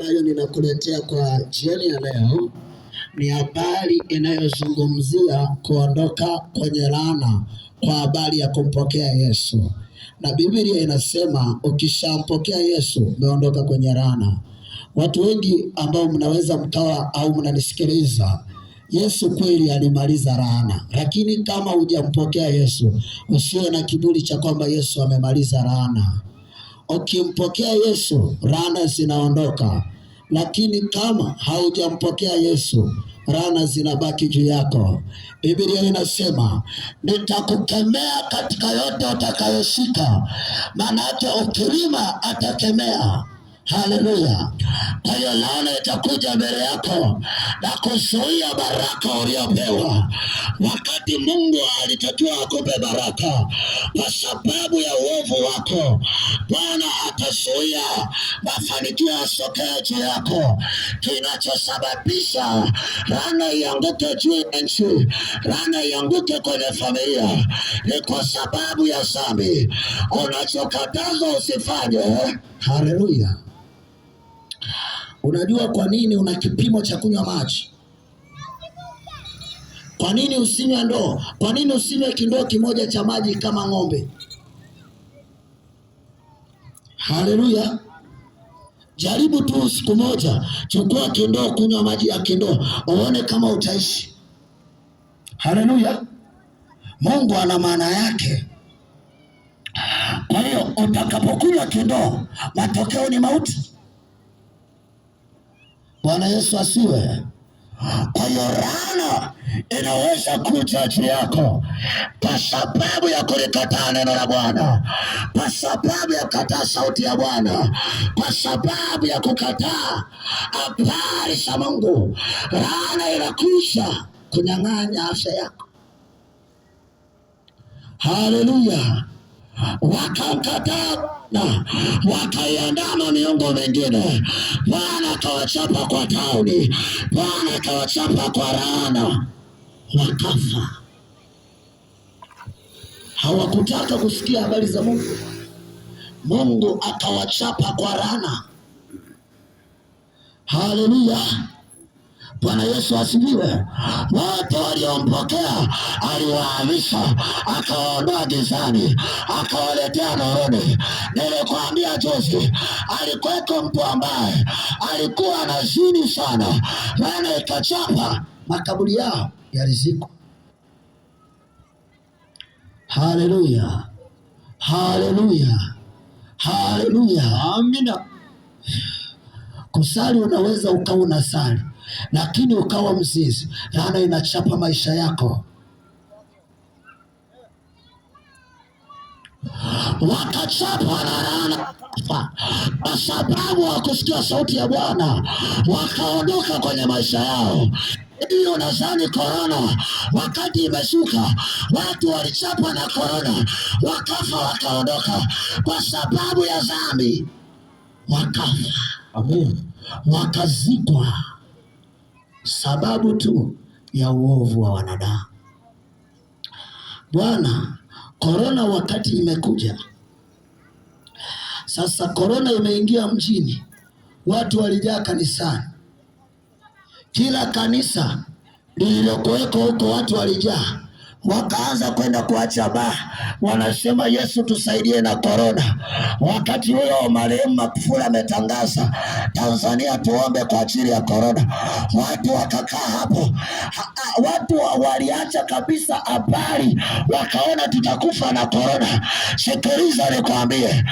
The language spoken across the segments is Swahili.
ambayo ninakuletea kwa jioni ya leo ni habari inayozungumzia kuondoka kwenye laana kwa habari ya kumpokea Yesu, na Biblia inasema ukishampokea Yesu umeondoka kwenye laana. Watu wengi ambao mnaweza mkawa au mnanisikiliza Yesu kweli alimaliza laana, lakini kama hujampokea Yesu usiwe na kiburi cha kwamba Yesu amemaliza laana ukimpokea Yesu rana zinaondoka, lakini kama haujampokea Yesu rana zinabaki juu yako. Biblia inasema nitakukemea katika yote utakayoshika, maana ukilima atakemea Haleluya! Kwa hiyo laana itakuja mbele yako na kuzuia baraka uliyopewa. Wakati Mungu alitakiwa akupe baraka, kwa sababu ya uovu wako, Bwana atazuia mafanikio yasokee juu yako. Kinachosababisha laana ianguke juu ya nchi, laana ianguke kwenye familia, ni kwa sababu ya sami. Unachokataza usifanye. Haleluya! Unajua kwa nini una kipimo cha kunywa maji? Kwa nini usinywe ndoo? Kwa nini usinywe kindoo kimoja cha maji kama ng'ombe? Haleluya! Jaribu tu siku moja, chukua kindoo, kunywa maji ya kindoo, uone kama utaishi. Haleluya! Mungu ana maana yake. Kwa hiyo utakapokunywa kindoo, matokeo ni mauti. Bwana Yesu asiwe. Kwa hiyo laana inaweza kuja juu yako kwa sababu ya kulikataa neno la Bwana, kwa sababu ya kukataa sauti ya Bwana, kwa sababu ya kukataa habari za Mungu. Laana inakuja kunyang'anya afya yako. Haleluya! wakakatana wakaiandama miungu mingine. Bwana akawachapa kwa tauni, Bwana akawachapa kwa laana, wakafa. Hawakutaka kusikia habari za Mungu, Mungu akawachapa kwa laana. Haleluya! Bwana Yesu asifiwe. Wote waliompokea aliwaamisha, akawaondoa gizani, akawaletea nuruni. Nilikwambia juzi, alikuweko mtu ambaye alikuwa na zini sana, maana ikachapa makaburi yao yalizikwa. Haleluya, haleluya, haleluya, amina. Kusali unaweza ukaona sali lakini ukawa mzizi, laana inachapa maisha yako. wakachapa na laana kwa sababu wakusikia sauti ya Bwana, wakaondoka kwenye maisha yao. Hiyo nadhani korona wakati imeshuka, watu walichapwa na korona, wakafa wakaondoka, kwa sababu ya dhambi wakafa, wakazikwa sababu tu ya uovu wa wanadamu. Bwana, korona wakati imekuja sasa, korona imeingia mjini, watu walijaa kanisani, kila kanisa lililokuweko huko watu walijaa wakaanza kwenda kuacha ba wanasema Yesu tusaidie na korona. Wakati huyo marehemu Magufuli ametangaza Tanzania tuombe kwa ajili ya korona, watu wakakaa hapo ha, ha, watu waliacha kabisa habari, wakaona tutakufa na korona. Sikiliza nikwambie,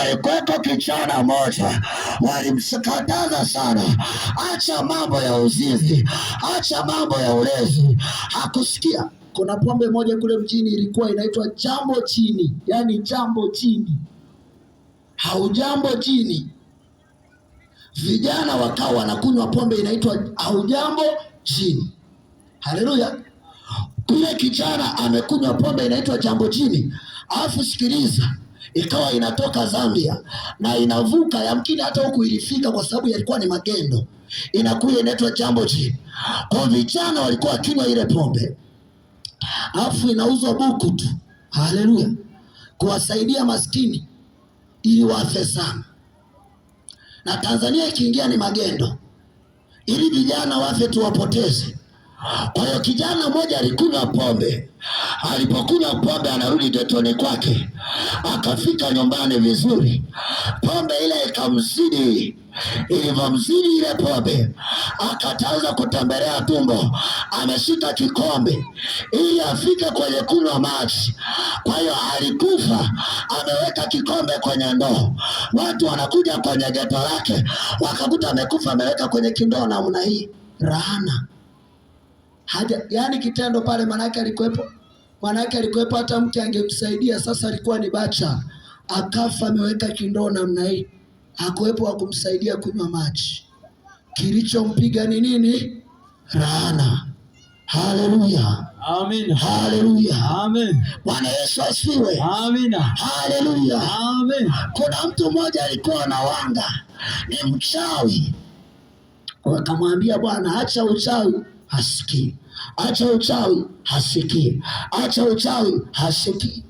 alikuweko kijana moja walimsikataza sana, acha mambo ya uzinzi, acha mambo ya ulezi, hakusikia kuna pombe moja kule mjini ilikuwa inaitwa jambo chini, yaani jambo chini, haujambo chini. Vijana wakawa wanakunywa pombe inaitwa haujambo chini. Haleluya! Kule kijana amekunywa pombe inaitwa jambo chini, alafu sikiliza ikawa inatoka Zambia na inavuka, yamkini hata huku ilifika, kwa sababu yalikuwa ni magendo, inakuja inaitwa jambo chini. Kwa vijana walikuwa wakinywa ile pombe, alafu inauzwa buku tu. Haleluya, kuwasaidia maskini ili wafe sana, na Tanzania ikiingia ni magendo, ili vijana wafe tuwapoteze. Kwa hiyo kijana mmoja alikunywa pombe, alipokunywa pombe anarudi tetoni kwake, akafika nyumbani vizuri, pombe ile ikamzidi, ilivyomzidi ile pombe akataza kutembelea tumbo, ameshika kikombe ili afike kwenye kunywa maji. Kwa hiyo alikufa, ameweka kikombe kwenye ndoo. Watu wanakuja kwenye geto lake wakakuta amekufa, ameweka kwenye kindoo namna hii, rahana haja, yani kitendo pale, manake alikuwepo, manake alikuwepo. Hata mke angekusaidia, sasa alikuwa ni bacha, akafa ameweka kindoo namna hii, hakuwepo wa kumsaidia kunywa maji. Kilichompiga ni nini? Laana. Haleluya. Amen. Haleluya. Amen. Bwana Yesu asifiwe. Amen. Haleluya. Amen. Kuna mtu mmoja alikuwa na wanga ni mchawi, wakamwambia bwana, acha uchawi, hasikii. Acha uchawi, hasikii. Acha uchawi, hasikii.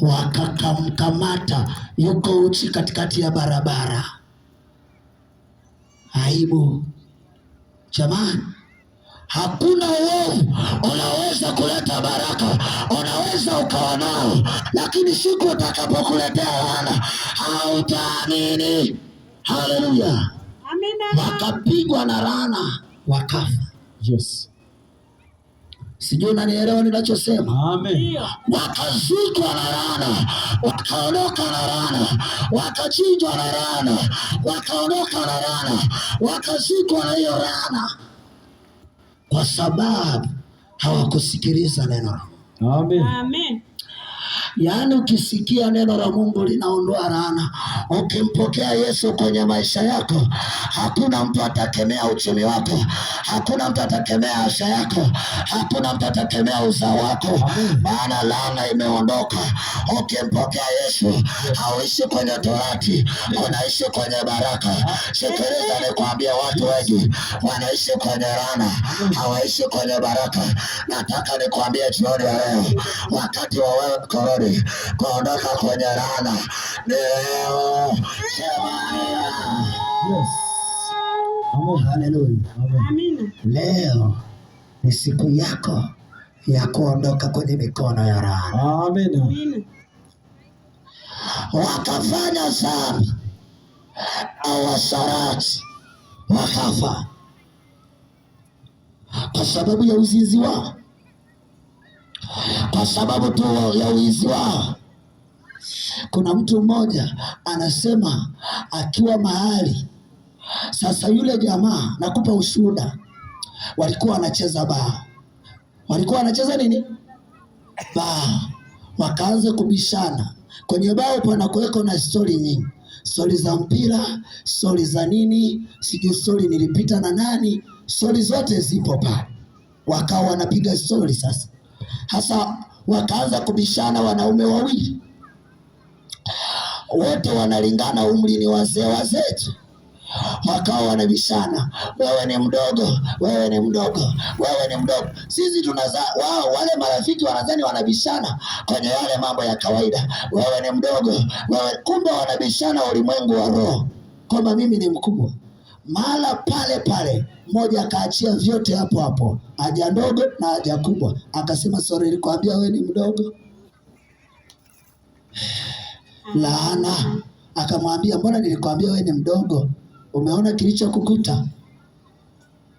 Wakakamkamata, yuko uchi katikati ya barabara aibu. Jamani, hakuna uovu unaweza kuleta baraka, unaweza ukawa nao, lakini siku utakapokuletea wana hautaamini. Haleluya, Wakapigwa na rana wakafa. Yes. Sijui unanielewa ninachosema. Amen. Wakazikwa na laana, wakaondoka na laana, wakachinjwa na laana, wakaondoka na laana, wakazikwa na hiyo laana, kwa sababu hawakusikiliza neno. Amen. Amen. Yaani ukisikia neno la Mungu linaondoa laana. Ukimpokea Yesu kwenye maisha yako, hakuna mtu atakemea uchumi wako, hakuna mtu atakemea afya yako, hakuna mtu atakemea uzao wako, maana laana imeondoka. Ukimpokea Yesu hauishi kwenye torati, unaishi kwenye baraka. Sikiliza, nikwambia, watu wengi wanaishi kwenye laana, hawaishi kwenye baraka. Nataka nikwambie jioni ya leo, wakati wa wewe mkoroni dhambi, kuondoka kwenye laana ni leo. Leo ni siku yako ya kuondoka kwenye mikono ya rana. Amina. Wakafanya dhambi na wasarati wakafa kwa sababu ya uzinzi wao kwa sababu tu ya uizi wao. Kuna mtu mmoja anasema akiwa mahali sasa, yule jamaa nakupa ushuhuda, walikuwa wanacheza baa, walikuwa wanacheza nini baa, wakaanza kubishana kwenye bao. Panakuweko na stori nyingi, stori za mpira, stori za nini, sijui stori nilipita na nani, stori zote zipo pale. Wakawa wanapiga stori sasa hasa, wakaanza kubishana wanaume wawili, wote wanalingana umri, ni wazee wazee wakawa wanabishana, wewe ni mdogo, wewe ni mdogo, wewe ni mdogo. Sisi tunaza wao, wale marafiki wanadhani wanabishana kwenye yale mambo ya kawaida, wewe ni mdogo, wewe. Kumbe wanabishana ulimwengu wa roho kwamba mimi ni mkubwa mahala pale pale mmoja akaachia vyote hapo hapo, haja ndogo na haja kubwa, akasema sori, nilikwambia wewe ni mdogo. Laana! Akamwambia mbona nilikwambia wewe ni mdogo, umeona kilichokukuta?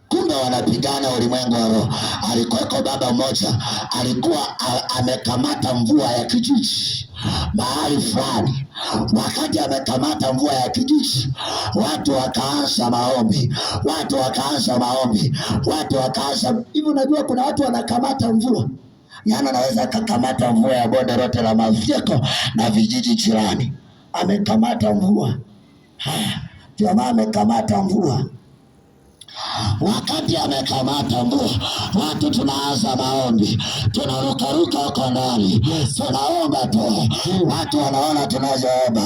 kumbe wanapigana ulimwengu wa roho. Alikuweko baba mmoja alikuwa amekamata mvua ya kijiji mahali fulani. Wakati amekamata mvua ya kijiji, watu wakaanza maombi, watu wakaanza maombi, watu wakaanza hivi. Unajua kuna watu wanakamata mvua yana, anaweza akakamata mvua ya bonde lote la mafyeko na vijiji jirani. Amekamata mvua, haya jamaa amekamata mvua Wakati amekamata mbua, watu tunaanza maombi, tunarukaruka huko ndani, tunaomba tu. Watu wanaona tunazoomba,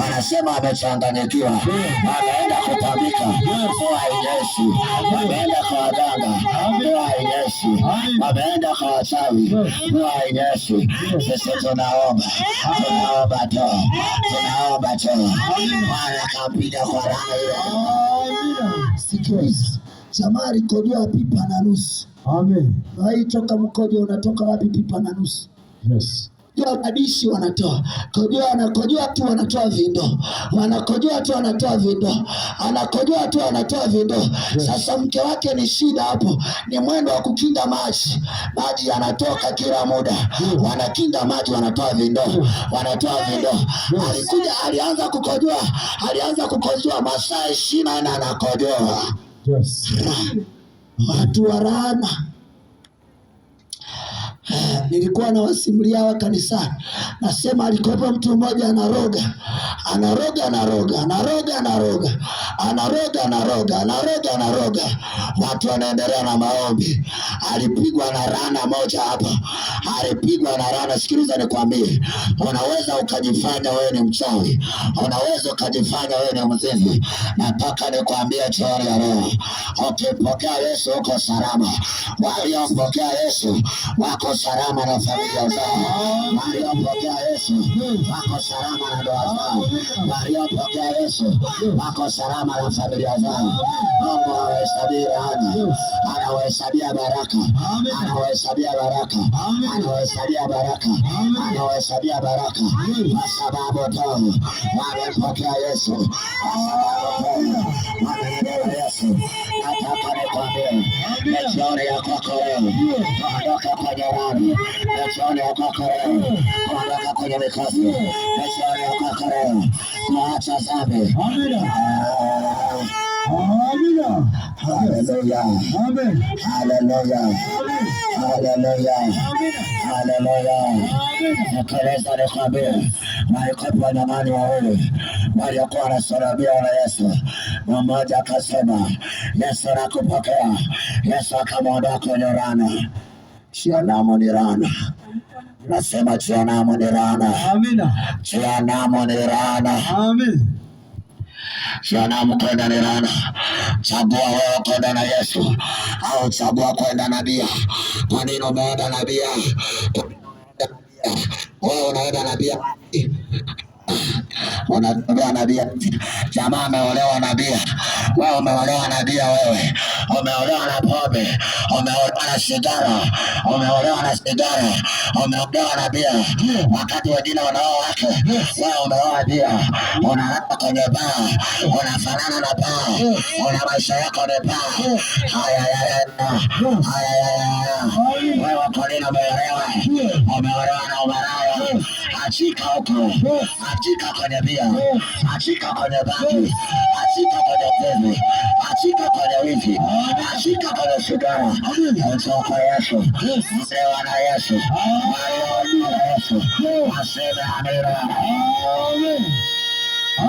wanasema wamechanganyikiwa, wameenda kutambika, mvua hainyeshi, wameenda kwa waganga, mvua hainyeshi, wameenda kwa wachawi, mvua hainyeshi. Sisi tunaomba, tunaomba tu, tunaomba tu, wanakampida kwa raha choice. Jamaa alikojoa pipa na nusu. Amen. Wahi toka mkojo unatoka wapi pipa na nusu? Yes. Leo madishi wanatoa kojoa, wanakojoa tu wanatoa vindo, wanakojoa tu wanatoa vindo, anakojoa tu wanatoa vindo. Sasa mke wake ni shida hapo, ni mwendo wa kukinga maji, maji yanatoka kila muda, wanakinga maji, wanatoa vindo, wanatoa vindo. Alikuja alianza kukojoa, alianza kukojoa masaa ishirini na anakojoa. Yes. watu warana nilikuwa nawasimulia hawa kanisani, nasema alikopa mtu mmoja anaroga, anaroga, anaroga, anaroga, anaroga anaroga anaroga anaroga anaroga, watu wanaendelea na maombi. Alipigwa na rana moja hapa, alipigwa na rana. Sikiliza nikwambie, unaweza ukajifanya wewe ni mchawi, unaweza ukajifanya wewe ni mzinzi. Nataka nikwambie chori ya roho, ukipokea Yesu uko salama. Waliompokea Yesu wako salama na familia zao, waliompokea Yesu wako salama na ndoa zao, waliompokea Yesu wako salama anawahesabia zao, Mungu anawahesabia hadi, anawahesabia baraka, anawahesabia baraka, anawahesabia baraka, anawahesabia baraka, kwa sababu tu wamempokea Yesu, kwa sababu tu wamelewa Yesu nataka nikwambie, majioni ya kwako leo kuondoka kwenye dhambi, majioni ya kwako leo kuondoka kwenye mikosi, majioni ya kwako leo kuacha dhambi. Haleluya, haleluya, haleluya, haleluya. Nikieleza nikwambie, maikopo ya zamani wawili waliokuwa wanasulubiwa na Yesu, mmoja akasema, Yesu nakupokea. Yesu akamwondoa kwenye rana. Jehanamu ni rana, nasema ni rana, ni rana janamu kwenda ni rana. Chagua wewe kwenda na Yesu au chagua kwenda na bia. Kwa nini umeenda na bia? Wewe unaenda na bia unatembea nabia. Jamaa ameolewa nabia wewe umeolewa nabia wewe umeolewa na pombe, umeolewa na sigara, umeolewa na sigara, umeolewa na bia. Wakati wengine wanao wake, wewe umeoa bia, unalala kwenye baa, unafanana na baa, una maisha yako ni baa. Haya, haya, haya, haya, wewe kwa nini umeolewa? Umeolewa na umara achika huko, achika kwenye bia, achika kwenye bangi, achika kwenye tezi, achika kwenye wizi, achika kwenye sigara. Mtoto Yesu, mzee wana Yesu, walio na Yesu, aseme amina. Amen.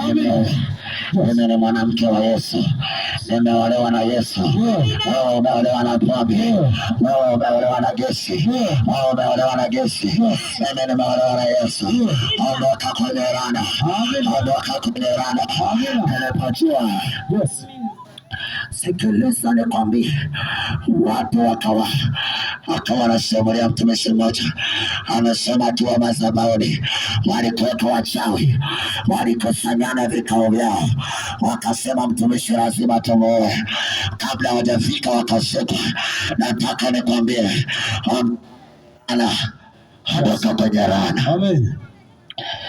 Amen mimi ni mwanamke wa Yesu, nimeolewa na Yesu. Wewe umeolewa na pombe, wewe umeolewa na gesi, wewe umeolewa na gesi. Mimi nimeolewa na Yesu. Ondoka kwenye laana, ondoka kwenye laana. Nilipojua Yesu, sikiliza nikwambie, watu wakawa akawa anashambulia mtumishi mmoja, anasema akiwa madhabahuni, walikuwepo wachawi, walikusanyana vikao vyao, wakasema mtumishi lazima tumuoe. Kabla hawajafika wakaseka. Nataka nikwambie ana hadoka kwenye rana. Amen.